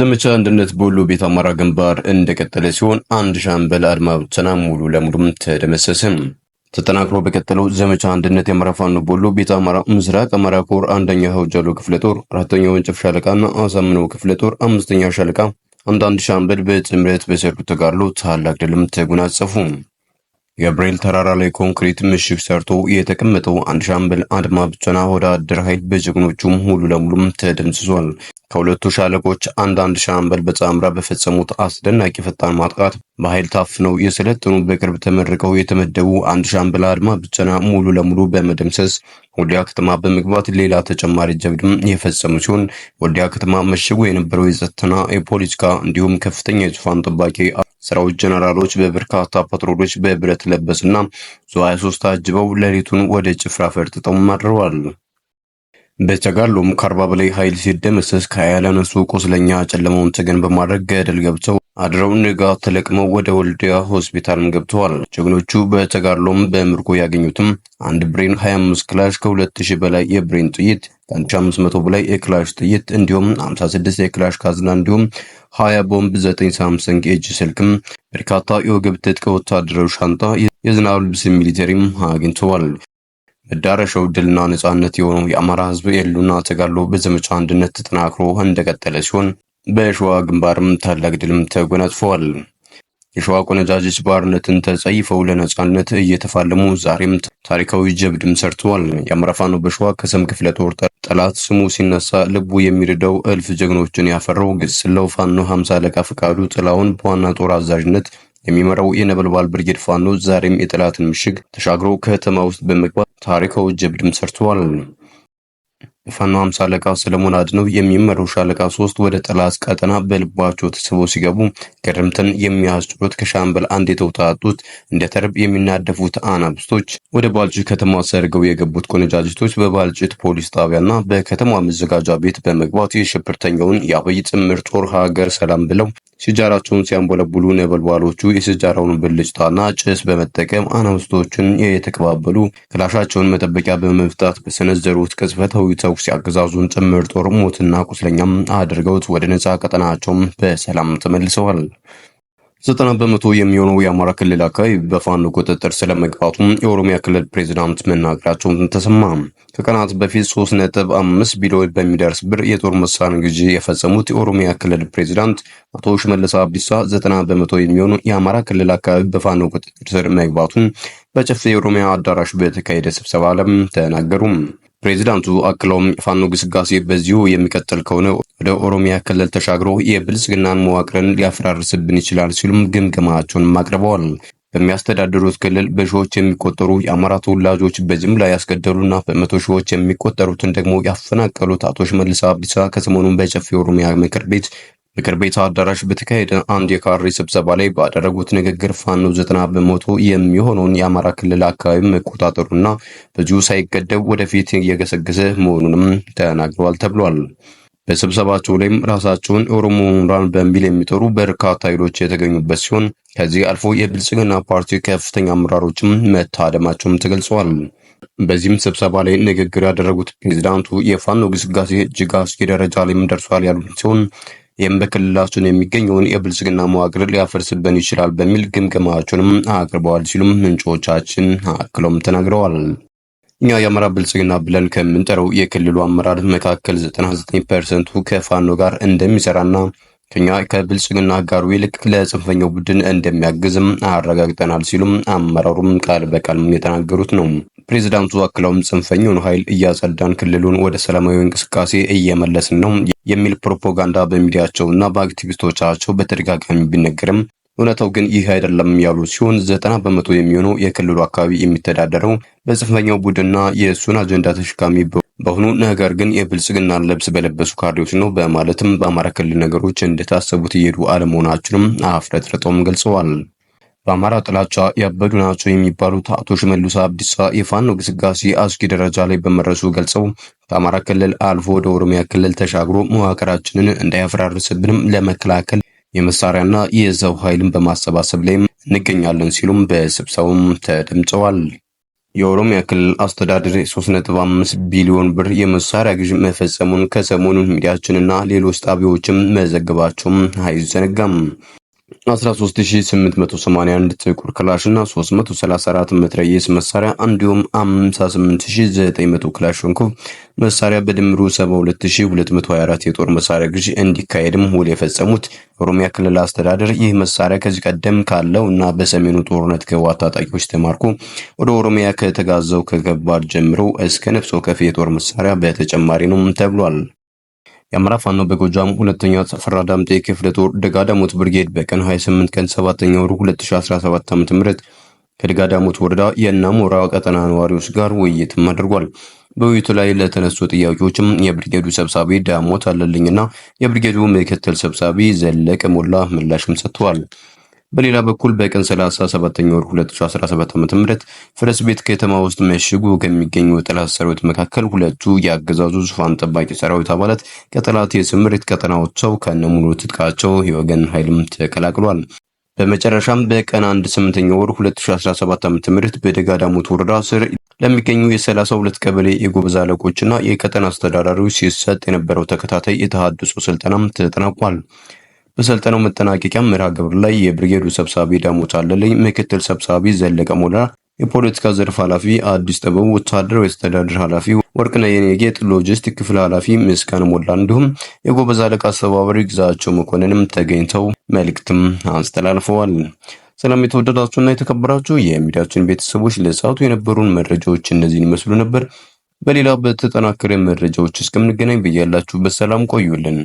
ዘመቻ አንድነት በወሎ ቤት አማራ ግንባር እንደቀጠለ ሲሆን አንድ ሻምበል አድማ ብተና ሙሉ ለሙሉም ተደመሰሰም። ተጠናክሮ በቀጠለው ዘመቻ አንድነት የአማራ ፋኖ በወሎ ቤት አማራ ምስራቅ አማራ ኮር አንደኛ ሀውጃሎ ክፍለ ጦር አራተኛ ወንጭፍ ሻለቃና አሳምነው ክፍለ ጦር አምስተኛ ሻለቃ አንዳንድ ሻምበል በጥምረት በሰሩት ተጋድሎ ታላቅ ድልም ተጎናጸፉ። ገብርኤል ተራራ ላይ ኮንክሪት ምሽግ ሰርቶ የተቀመጠው አንድ ሻምበል አድማ ብቻና ወደ ኃይል በጀግኖቹም ሙሉ ለሙሉም ተደምስሷል። ከሁለቱ ሻለቆች አንዳንድ ሻምበል በጻምራ በፈጸሙት አስደናቂ ፈጣን ማጥቃት በኃይል ታፍነው የሰለጠኑ በቅርብ ተመርቀው የተመደቡ አንድ ሻምበል አድማ ብቸና ሙሉ ለሙሉ በመደምሰስ ወልዲያ ከተማ በመግባት ሌላ ተጨማሪ ጀብድም የፈጸሙ ሲሆን ወልዲያ ከተማ መሽጎ የነበረው የጸጥታና የፖለቲካ እንዲሁም ከፍተኛ የዙፋን ጠባቂ ስራዎች ጀነራሎች በበርካታ ፓትሮሎች በብረት ለበስና ዙ 23 ታጅበው ሌሊቱን ወደ ጭፍራ ፈርጥጠው አድረዋል። በተጋድሎም ከአርባ በላይ ኃይል ሲደመሰስ ከሀያ ያላነሱ ቁስለኛ ጨለማውን ተገን በማድረግ ገደል ገብተው አድረው ንጋት ተለቅመው ወደ ወልዲያ ሆስፒታልም ገብተዋል። ጀግኖቹ በተጋድሎም በምርኮ ያገኙትም አንድ ብሬን 25 ክላሽ ከ2000 በላይ የብሬን ጥይት ከ1500 በላይ የክላሽ ጥይት እንዲሁም 56 የክላሽ ካዝና እንዲሁም 20 ቦምብ፣ 9 ሳምሰንግ የእጅ ስልክም፣ በርካታ የወገብ ትጥቅ፣ ወታደራዊ ሻንጣ፣ የዝናብ ልብስ ሚሊተሪም አግኝተዋል። መዳረሻው ድልና ነጻነት የሆነው የአማራ ሕዝብ የህልውና ተጋድሎ በዘመቻ አንድነት ተጠናክሮ እንደቀጠለ ሲሆን በሸዋ ግንባርም ታላቅ ድልም ተጎናጽፏል። የሸዋ ቆነጃጅት ባርነትን ተጸይፈው ለነጻነት እየተፋለሙ ዛሬም ታሪካዊ ጀብድም ሰርተዋል። የአማራ ፋኖ በሸዋ ከሰም ክፍለ ጦር ጠላት ስሙ ሲነሳ ልቡ የሚርደው እልፍ ጀግኖችን ያፈራው ገስላው ፋኖ ሀምሳ አለቃ ፈቃዱ ጥላውን በዋና ጦር አዛዥነት የሚመራው የነበልባል ብርጌድ ፋኖ ዛሬም የጠላትን ምሽግ ተሻግሮ ከተማ ውስጥ በመግባት ታሪካዊ ጀብድም ሰርተዋል። የፋኖ ሀምሳ አለቃ ሰለሞን አድነው የሚመራው ሻለቃ ሶስት ወደ ጠላት ቀጠና በልባቸው ተስበው ሲገቡ ግርምትን የሚያስጭሩት ከሻምበል አንድ የተውጣጡት እንደ ተርብ የሚናደፉት አናብስቶች ወደ ባልጭት ከተማ ሰርገው የገቡት ቆነጃጅቶች በባልጭት ፖሊስ ጣቢያና በከተማ መዘጋጃ ቤት በመግባት የሽብርተኛውን የአብይ ጥምር ጦር ሀገር ሰላም ብለው ሲጃራቸውን ሲያንቦለቡሉ ነበልባሎቹ የሲጃራውን ብልጭታና ጭስ በመጠቀም አናብስቶችን የተቀባበሉ ክላሻቸውን መጠበቂያ በመፍታት በሰነዘሩት ቅጽበታዊ የተኩስ የአገዛዙን ጥምር ጦር ሞትና ቁስለኛም አድርገውት ወደ ነፃ ቀጠናቸውም በሰላም ተመልሰዋል። ዘጠና በመቶ የሚሆነው የአማራ ክልል አካባቢ በፋኖ ቁጥጥር ስለመግባቱም የኦሮሚያ ክልል ፕሬዚዳንት መናገራቸውን ተሰማ። ከቀናት በፊት ሶስት ነጥብ አምስት ቢሊዮን በሚደርስ ብር የጦር መሳሪያ ግዢ የፈጸሙት የኦሮሚያ ክልል ፕሬዚዳንት አቶ ሽመልስ አብዲሳ ዘጠና በመቶ የሚሆኑ የአማራ ክልል አካባቢ በፋኖ ቁጥጥር ስር መግባቱን በጨፌ የኦሮሚያ አዳራሽ በተካሄደ ስብሰባ ለም ተናገሩም። ፕሬዚዳንቱ አክለውም ፋኖ ግስጋሴ በዚሁ የሚቀጥል ከሆነ ወደ ኦሮሚያ ክልል ተሻግሮ የብልጽግናን መዋቅርን ሊያፈራርስብን ይችላል ሲሉም ግምገማቸውንም አቅርበዋል። በሚያስተዳድሩት ክልል በሺዎች የሚቆጠሩ የአማራ ተወላጆች በጅምላ ያስገደሉና በመቶ ሺዎች የሚቆጠሩትን ደግሞ ያፈናቀሉት አቶ ሽመልስ አብዲሳ ከሰሞኑን በጨፌ ኦሮሚያ ምክር ቤት ምክር ቤቱ አዳራሽ በተካሄደ አንድ የካሬ ስብሰባ ላይ ባደረጉት ንግግር ፋኖ ዘጠና በመቶ የሚሆነውን የአማራ ክልል አካባቢ መቆጣጠሩና በዚሁ ሳይገደብ ወደፊት እየገሰገሰ መሆኑንም ተናግረዋል ተብሏል። በስብሰባቸው ላይም ራሳቸውን ኦሮሞ ምሁራን በሚል የሚጠሩ በርካታ ኃይሎች የተገኙበት ሲሆን ከዚህ አልፎ የብልጽግና ፓርቲ ከፍተኛ አመራሮችም መታደማቸውም ተገልጸዋል። በዚህም ስብሰባ ላይ ንግግር ያደረጉት ፕሬዚዳንቱ የፋኖ ግስጋሴ እጅግ አስጊ ደረጃ ላይም ደርሷል ያሉት ሲሆን ይህም በክልላችን የሚገኘውን የብልጽግና መዋቅር ሊያፈርስብን ይችላል በሚል ግምገማቸውንም አቅርበዋል ሲሉም ምንጮቻችን አክሎም ተናግረዋል። እኛ የአማራ ብልጽግና ብለን ከምንጠራው የክልሉ አመራር መካከል 99 ፐርሰንቱ ከፋኖ ጋር እንደሚሰራና ከኛ ከብልጽግና አጋሩ ይልቅ ለጽንፈኛው ቡድን እንደሚያግዝም አረጋግጠናል ሲሉም አመራሩም ቃል በቃል የተናገሩት ነው። ፕሬዚዳንቱ አክለውም ጽንፈኛውን ኃይል እያጸዳን ክልሉን ወደ ሰላማዊ እንቅስቃሴ እየመለስን ነው የሚል ፕሮፓጋንዳ በሚዲያቸውና በአክቲቪስቶቻቸው በተደጋጋሚ ቢነገርም እውነታው ግን ይህ አይደለም ያሉ ሲሆን ዘጠና በመቶ የሚሆነው የክልሉ አካባቢ የሚተዳደረው በጽንፈኛው ቡድንና የእሱን አጀንዳ ተሸካሚ በሆኑ ነገር ግን የብልጽግና ልብስ በለበሱ ካድሬዎች ነው በማለትም በአማራ ክልል ነገሮች እንደታሰቡት እየሄዱ አለመሆናቸውንም አፍረጥርጠውም ገልጸዋል። በአማራ ጥላቻ ያበዱ ናቸው የሚባሉት አቶ ሽመልስ አብዲሳ የፋኖ ግስጋሴ አስጊ ደረጃ ላይ በመድረሱ ገልጸው ከአማራ ክልል አልፎ ወደ ኦሮሚያ ክልል ተሻግሮ መዋቅራችንን እንዳያፈራርስብንም ለመከላከል የመሳሪያና የሰው ኃይልን በማሰባሰብ ላይም እንገኛለን ሲሉም በስብሰቡም ተደምጸዋል። የኦሮሚያ ክልል አስተዳደር 3.5 ቢሊዮን ብር የመሳሪያ ግዥ መፈጸሙን ከሰሞኑ ሚዲያችንና ሌሎች ጣቢያዎችም መዘገባቸውም አይዘነጋም። 13881 ጥቁር ክላሽ እና 334 መትረየስ መሳሪያ እንዲሁም 58900 ክላሽንኮቭ መሳሪያ በድምሩ 72224 የጦር መሳሪያ ግዢ እንዲካሄድም ውል የፈጸሙት ኦሮሚያ ክልል አስተዳደር ይህ መሳሪያ ከዚህ ቀደም ካለው እና በሰሜኑ ጦርነት ከህወሓት ታጣቂዎች ተማርኮ ወደ ኦሮሚያ ከተጋዘው ከከባድ ጀምሮ እስከ ነፍስ ወከፍ የጦር መሳሪያ በተጨማሪ ነው ተብሏል። የአማራ ፋኖ በጎጃም ሁለተኛ ጽፍራ ዳምጤ ክፍለ ጦር ደጋዳሞት ብርጌድ በቀን 28 ቀን 7ኛ 2017 ዓ.ም ከደጋዳሞት ወረዳ የእናሞራ ቀጠና ነዋሪዎች ጋር ውይይትም አድርጓል። በውይይቱ ላይ ለተነሱ ጥያቄዎችም የብርጌዱ ሰብሳቢ ዳሞት አለልኝና የብርጌዱ ምክትል ሰብሳቢ ዘለቀ ሞላ ምላሽም ሰጥተዋል። በሌላ በኩል በቀን 37 7ኛ ወር 2017 ዓ.ም ፈረስ ቤት ከተማ ውስጥ መሽጉ ከሚገኙ የጠላት ሰራዊት መካከል ሁለቱ የአገዛዙ ዙፋን ጠባቂ ሰራዊት አባላት ከጠላት የስምሪት ቀጠናዎቸው ከነሙሉ ትጥቃቸው የወገን ኃይልም ተቀላቅሏል። በመጨረሻም በቀን አንድ ስምንተኛ ወር 2017 ዓ.ም በደጋ ዳሞት ወረዳ ስር ለሚገኙ የ32 ቀበሌ የጎበዝ አለቆችና የቀጠና አስተዳዳሪዎች ሲሰጥ የነበረው ተከታታይ የተሃድሶ ስልጠናም ተጠናቋል። በሰልጠናው መጠናቀቂያ መርሃ ግብር ላይ የብርጌዱ ሰብሳቢ ዳሞት አለልኝ፣ ምክትል ሰብሳቢ ዘለቀ ሞላ፣ የፖለቲካ ዘርፍ ኃላፊ አዲስ ጥበቡ፣ ወታደራዊ አስተዳደር ኃላፊ ወርቅነህ የኔጌጥ፣ ሎጂስቲክ ክፍል ኃላፊ ምስጋን ሞላ እንዲሁም የጎበዝ አለቃ አስተባባሪ ግዛቸው መኮንንም ተገኝተው መልእክትም አስተላልፈዋል። ሰላም የተወደዳችሁና የተከበራችሁ የሚዲያችን ቤተሰቦች ለሰዓቱ የነበሩን መረጃዎች እነዚህን ይመስሉ ነበር። በሌላ በተጠናከረ መረጃዎች እስከምንገናኝ በያላችሁበት ሰላም ቆዩልን።